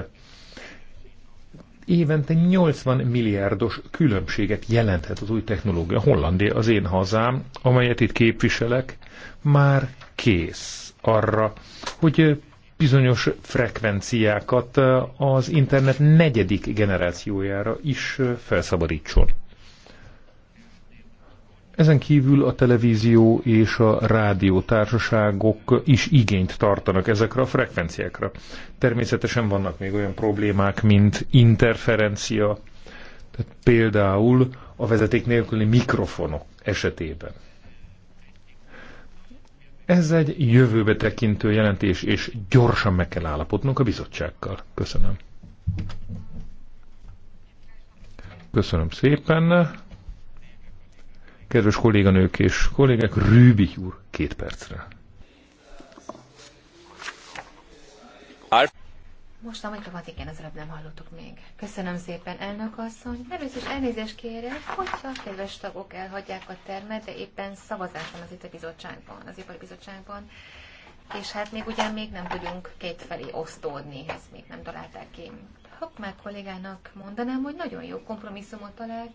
évente 80 milliárdos különbséget jelenthet az új technológia. Hollandia, az én hazám, amelyet itt képviselek, már kész arra, hogy bizonyos frekvenciákat az internet negyedik generációjára is felszabadítson. Ezen kívül a televízió és a rádió társaságok is igényt tartanak ezekre a frekvenciákra. Természetesen vannak még olyan problémák, mint interferencia, tehát például a vezeték nélküli mikrofonok esetében. Ez egy jövőbe tekintő jelentés, és gyorsan meg kell állapodnunk a bizottsággal. Köszönöm. Köszönöm szépen. Kedves kolléganők és kollégák, Rübi úr két percre. Most a mikrofont az előbb nem hallottuk még. Köszönöm szépen, elnök asszony. Először is elnézést kérek, hogyha a kedves tagok elhagyják a termet, de éppen szavazás van az itt a bizottságban, az ipari bizottságban. És hát még ugyan még nem tudunk kétfelé osztódni, ezt még nem találták ki. már kollégának mondanám, hogy nagyon jó kompromisszumot talált,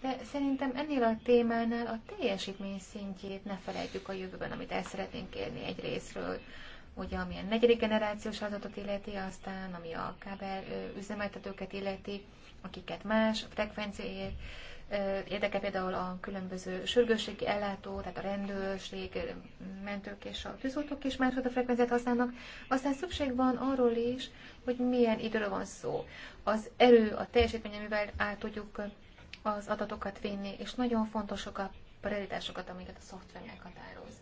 de szerintem ennél a témánál a teljesítmény szintjét ne felejtjük a jövőben, amit el szeretnénk kérni egy részről. Ugye, ami a negyedik generációs adatot illeti, aztán ami a kábel üzemeltetőket illeti, akiket más frekvenciáért érdeke például a különböző sürgősségi ellátó, tehát a rendőrség, mentők és a tűzoltók is a frekvenciát használnak. Aztán szükség van arról is, hogy milyen időről van szó. Az erő, a teljesítmény, amivel át tudjuk az adatokat vinni, és nagyon fontosak a prioritásokat, amiket a szoftver meghatároz.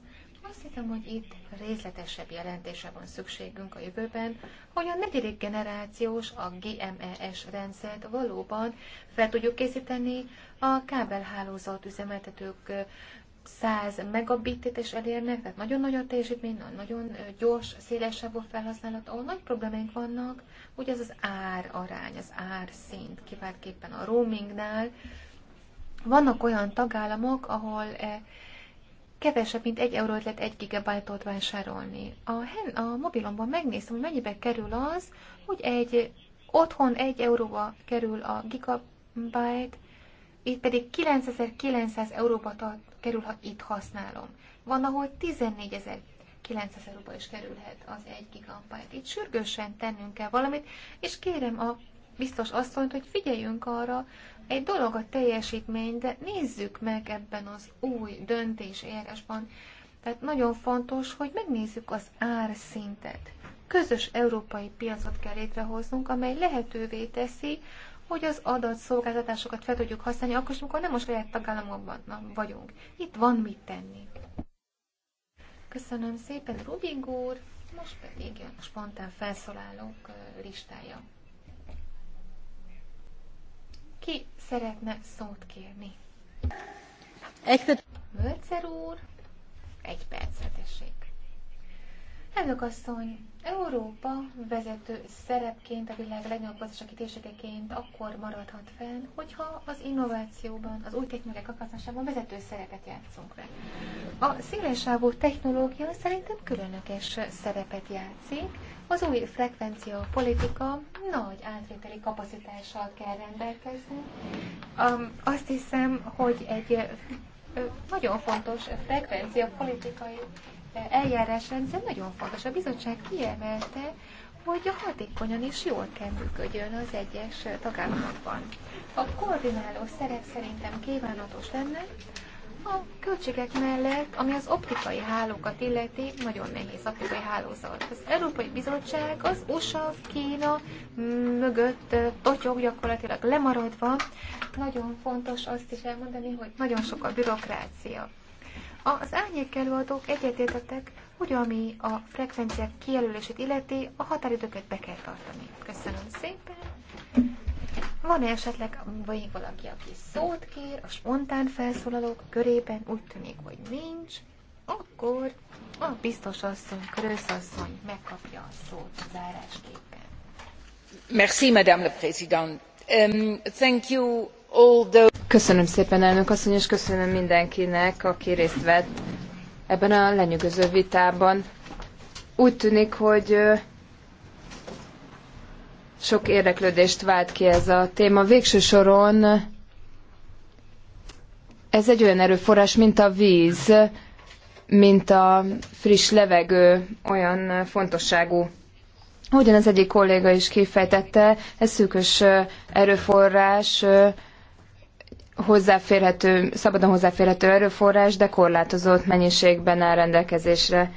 Azt hiszem, hogy itt részletesebb jelentése van szükségünk a jövőben, hogy a negyedik generációs, a GMES rendszert valóban fel tudjuk készíteni a kábelhálózat üzemeltetők 100 megabitit is elérnek, tehát nagyon-nagyon teljesítmény, nagyon gyors, szélesebb felhasználat, ahol nagy problémáink vannak, ugye az az ár arány, az ár szint, kiváltképpen a roamingnál. Vannak olyan tagállamok, ahol eh, kevesebb, mint egy eurót lehet egy gigabájtot vásárolni. A, hen, a mobilomban megnéztem, hogy mennyibe kerül az, hogy egy otthon egy euróba kerül a gigabyte, itt pedig 9900 euróba kerül, ha itt használom. Van, ahol 14 ezer 900 euróba is kerülhet az egy gigabyte. Itt sürgősen tennünk kell valamit, és kérem a biztos asszonyt, hogy figyeljünk arra, egy dolog a teljesítmény, de nézzük meg ebben az új döntés eljárásban. Tehát nagyon fontos, hogy megnézzük az árszintet. Közös európai piacot kell létrehoznunk, amely lehetővé teszi hogy az adatszolgáltatásokat fel tudjuk használni, akkor is, amikor nem a saját tagállamokban vagyunk. Itt van mit tenni. Köszönöm szépen, Rubik úr. Most pedig jön a spontán felszólalók listája. Ki szeretne szót kérni? Mölcer úr, egy percre tessék. Elnök asszony, Európa vezető szerepként, a világ legnagyobb gazdasági térségeként akkor maradhat fenn, hogyha az innovációban, az új technológiák alkalmazásában vezető szerepet játszunk le. A szélesávú technológia szerintem különleges szerepet játszik, az új frekvencia politika nagy átvételi kapacitással kell rendelkezni. Um, azt hiszem, hogy egy nagyon fontos frekvencia politikai eljárásrendszer nagyon fontos. A bizottság kiemelte, hogy a hatékonyan és jól kell működjön az egyes tagállamokban. A koordináló szerep szerintem kívánatos lenne, a költségek mellett, ami az optikai hálókat illeti, nagyon nehéz optikai hálózat. Az Európai Bizottság az USA, Kína mögött totyog gyakorlatilag lemaradva. Nagyon fontos azt is elmondani, hogy nagyon sok a bürokrácia. Az árnyék előadók egyetértettek, hogy ami a frekvenciák kijelölését illeti, a határidőket be kell tartani. Köszönöm szépen. Van -e esetleg vagy valaki, aki szót kér a spontán felszólalók körében? Úgy tűnik, hogy nincs. Akkor a biztos asszony, Krősz megkapja a szót zárásképpen. Merci, Madame la Présidente. Um, thank you Köszönöm szépen, elnök asszony, és köszönöm mindenkinek, aki részt vett ebben a lenyűgöző vitában. Úgy tűnik, hogy sok érdeklődést vált ki ez a téma. Végső soron ez egy olyan erőforrás, mint a víz, mint a friss levegő, olyan fontosságú. Ahogyan az egyik kolléga is kifejtette, ez szűkös erőforrás, hozzáférhető, szabadon hozzáférhető erőforrás, de korlátozott mennyiségben áll rendelkezésre.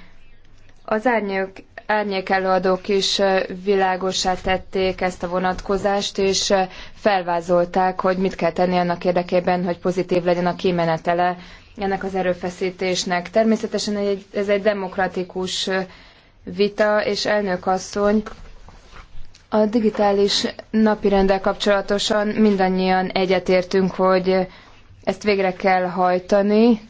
Az árnyék, árnyék előadók is világosá tették ezt a vonatkozást, és felvázolták, hogy mit kell tenni annak érdekében, hogy pozitív legyen a kimenetele ennek az erőfeszítésnek. Természetesen ez egy demokratikus vita, és elnök asszony, a digitális napirendel kapcsolatosan mindannyian egyetértünk, hogy ezt végre kell hajtani,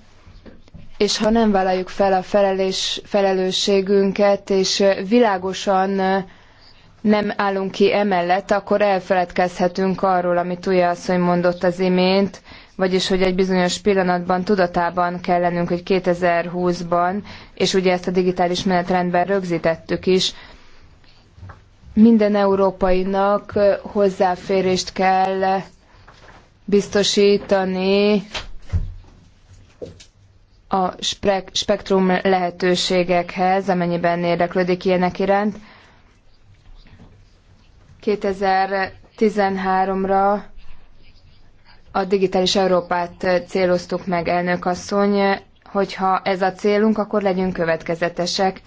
és ha nem vállaljuk fel a felelés, felelősségünket, és világosan nem állunk ki emellett, akkor elfeledkezhetünk arról, amit Uja asszony mondott az imént, vagyis hogy egy bizonyos pillanatban tudatában kell lennünk, hogy 2020-ban, és ugye ezt a digitális menetrendben rögzítettük is, minden európainak hozzáférést kell biztosítani a spektrum lehetőségekhez, amennyiben érdeklődik ilyenek iránt. 2013-ra a digitális Európát céloztuk meg, elnök asszony, hogyha ez a célunk, akkor legyünk következetesek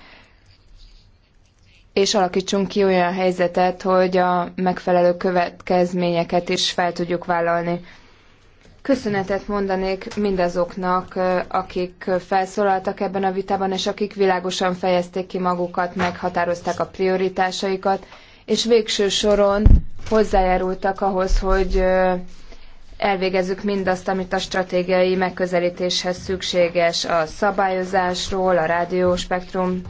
és alakítsunk ki olyan helyzetet, hogy a megfelelő következményeket is fel tudjuk vállalni. Köszönetet mondanék mindazoknak, akik felszólaltak ebben a vitában, és akik világosan fejezték ki magukat, meghatározták a prioritásaikat, és végső soron hozzájárultak ahhoz, hogy elvégezzük mindazt, amit a stratégiai megközelítéshez szükséges a szabályozásról, a rádióspektrum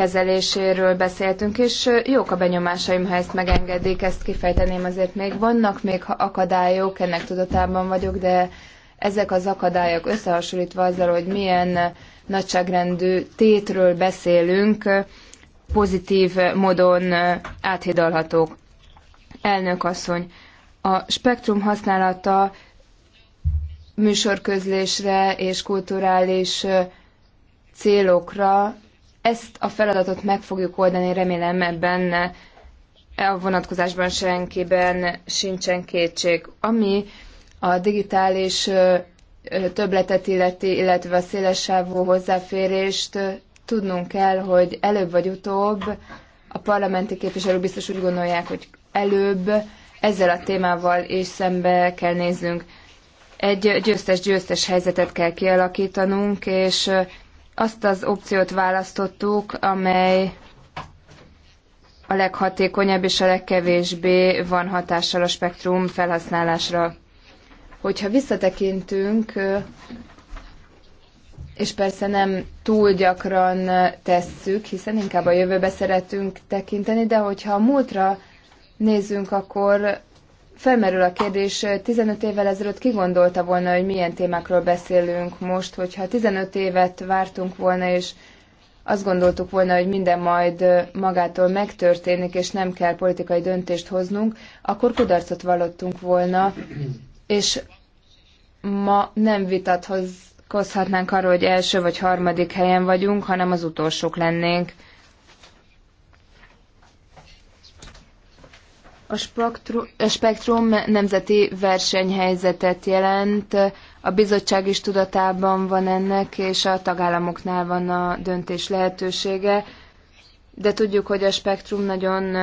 kezeléséről beszéltünk, és jók a benyomásaim, ha ezt megengedik, ezt kifejteném azért még. Vannak még akadályok, ennek tudatában vagyok, de ezek az akadályok összehasonlítva azzal, hogy milyen nagyságrendű tétről beszélünk, pozitív módon áthidalhatók. Elnök asszony, a spektrum használata műsorközlésre és kulturális célokra ezt a feladatot meg fogjuk oldani, remélem ebben e a vonatkozásban senkiben sincsen kétség. Ami a digitális többletet illeti, illetve a szélesávú hozzáférést tudnunk kell, hogy előbb vagy utóbb a parlamenti képviselők biztos úgy gondolják, hogy előbb ezzel a témával is szembe kell néznünk. Egy győztes-győztes helyzetet kell kialakítanunk, és azt az opciót választottuk, amely a leghatékonyabb és a legkevésbé van hatással a spektrum felhasználásra. Hogyha visszatekintünk, és persze nem túl gyakran tesszük, hiszen inkább a jövőbe szeretünk tekinteni, de hogyha a múltra nézzünk, akkor Felmerül a kérdés, 15 évvel ezelőtt ki gondolta volna, hogy milyen témákról beszélünk most, hogyha 15 évet vártunk volna, és azt gondoltuk volna, hogy minden majd magától megtörténik, és nem kell politikai döntést hoznunk, akkor kudarcot vallottunk volna, és ma nem vitatkozhatnánk arról, hogy első vagy harmadik helyen vagyunk, hanem az utolsók lennénk. A spektrum, a spektrum nemzeti versenyhelyzetet jelent, a bizottság is tudatában van ennek, és a tagállamoknál van a döntés lehetősége, de tudjuk, hogy a spektrum nagyon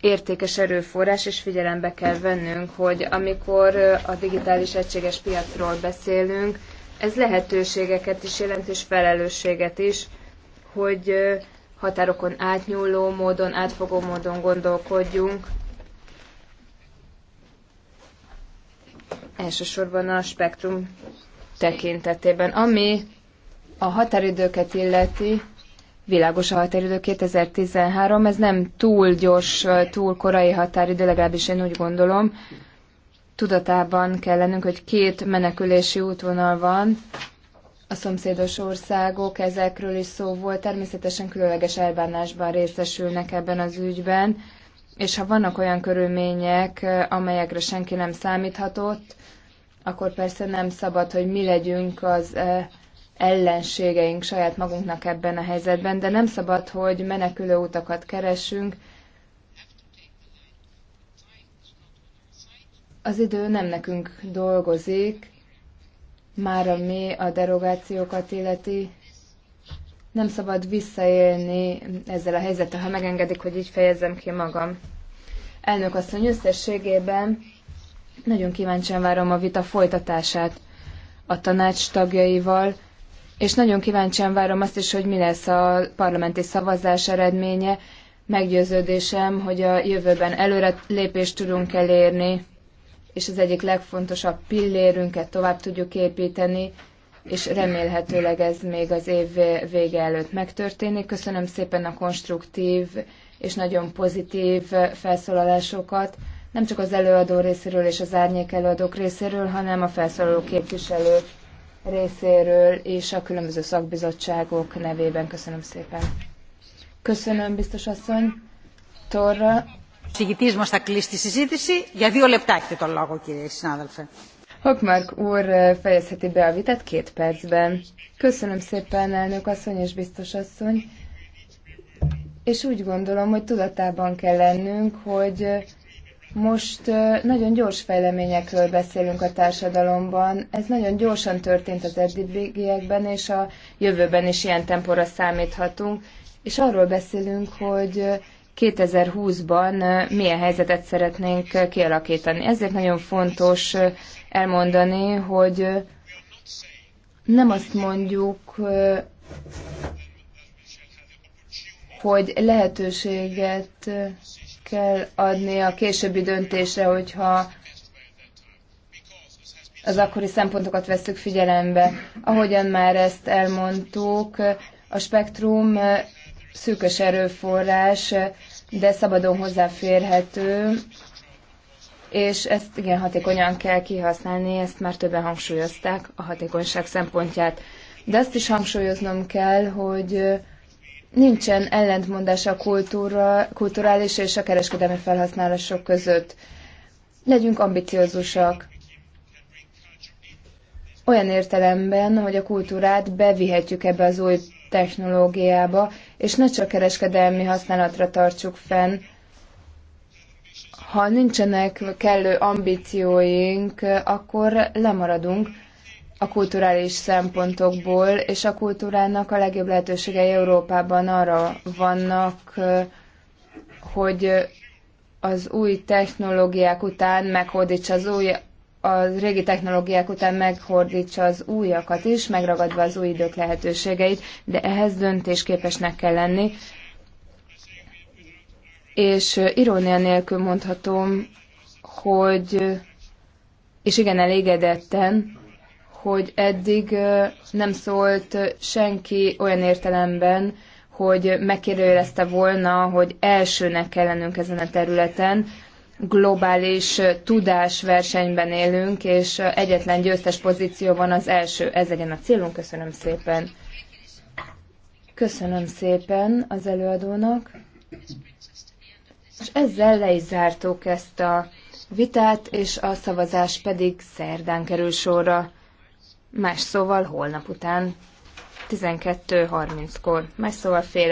értékes erőforrás, és figyelembe kell vennünk, hogy amikor a digitális egységes piacról beszélünk, ez lehetőségeket is jelent, és felelősséget is, hogy határokon átnyúló módon, átfogó módon gondolkodjunk, elsősorban a spektrum tekintetében. Ami a határidőket illeti, világos a határidő 2013, ez nem túl gyors, túl korai határidő, legalábbis én úgy gondolom. Tudatában kell lennünk, hogy két menekülési útvonal van, a szomszédos országok, ezekről is szó volt, természetesen különleges elbánásban részesülnek ebben az ügyben és ha vannak olyan körülmények, eh, amelyekre senki nem számíthatott, akkor persze nem szabad, hogy mi legyünk az eh, ellenségeink saját magunknak ebben a helyzetben, de nem szabad, hogy menekülő utakat keresünk. Az idő nem nekünk dolgozik, már ami a derogációkat illeti, nem szabad visszaélni ezzel a helyzettel, ha megengedik, hogy így fejezzem ki magam. Elnök asszony összességében nagyon kíváncsian várom a vita folytatását a tanács tagjaival, és nagyon kíváncsian várom azt is, hogy mi lesz a parlamenti szavazás eredménye. Meggyőződésem, hogy a jövőben előre lépést tudunk elérni, és az egyik legfontosabb pillérünket tovább tudjuk építeni, és remélhetőleg ez még az év vége előtt megtörténik. Köszönöm szépen a konstruktív és nagyon pozitív felszólalásokat, nem csak az előadó részéről és az árnyék előadók részéről, hanem a felszólaló képviselő részéről és a különböző szakbizottságok nevében. Köszönöm szépen. Köszönöm, biztos asszony. Torra. Συγκητής μας θα κλείσει τη συζήτηση. Για δύο Hokmark úr eh, fejezheti be a vitát két percben. Köszönöm szépen, elnök asszony és biztos asszony. És úgy gondolom, hogy tudatában kell lennünk, hogy eh, most eh, nagyon gyors fejleményekről beszélünk a társadalomban. Ez nagyon gyorsan történt az eddigiekben, és a jövőben is ilyen tempóra számíthatunk. És arról beszélünk, hogy 2020-ban milyen helyzetet szeretnénk kialakítani. Ezért nagyon fontos elmondani, hogy nem azt mondjuk, hogy lehetőséget kell adni a későbbi döntésre, hogyha az akkori szempontokat veszük figyelembe. Ahogyan már ezt elmondtuk, a spektrum szűkös erőforrás, de szabadon hozzáférhető, és ezt igen hatékonyan kell kihasználni, ezt már többen hangsúlyozták a hatékonyság szempontját. De azt is hangsúlyoznom kell, hogy nincsen ellentmondás a kultúra, kulturális és a kereskedelmi felhasználások között. Legyünk ambiciózusak. Olyan értelemben, hogy a kultúrát bevihetjük ebbe az új technológiába, és ne csak kereskedelmi használatra tartsuk fenn, ha nincsenek kellő ambícióink, akkor lemaradunk a kulturális szempontokból, és a kultúrának a legjobb lehetőségei Európában arra vannak, hogy az új technológiák után meghódítsa az új, a régi technológiák után meghordítsa az újakat is, megragadva az új idők lehetőségeit, de ehhez döntésképesnek kell lenni, és irónia nélkül mondhatom, hogy, és igen, elégedetten, hogy eddig nem szólt senki olyan értelemben, hogy megkérdőjelezte volna, hogy elsőnek kell lennünk ezen a területen, globális tudásversenyben élünk, és egyetlen győztes pozíció van az első. Ez legyen a célunk. Köszönöm szépen. Köszönöm szépen az előadónak. És ezzel le is zártuk ezt a vitát, és a szavazás pedig szerdán kerül sorra. Más szóval holnap után 12.30-kor. Más szóval fél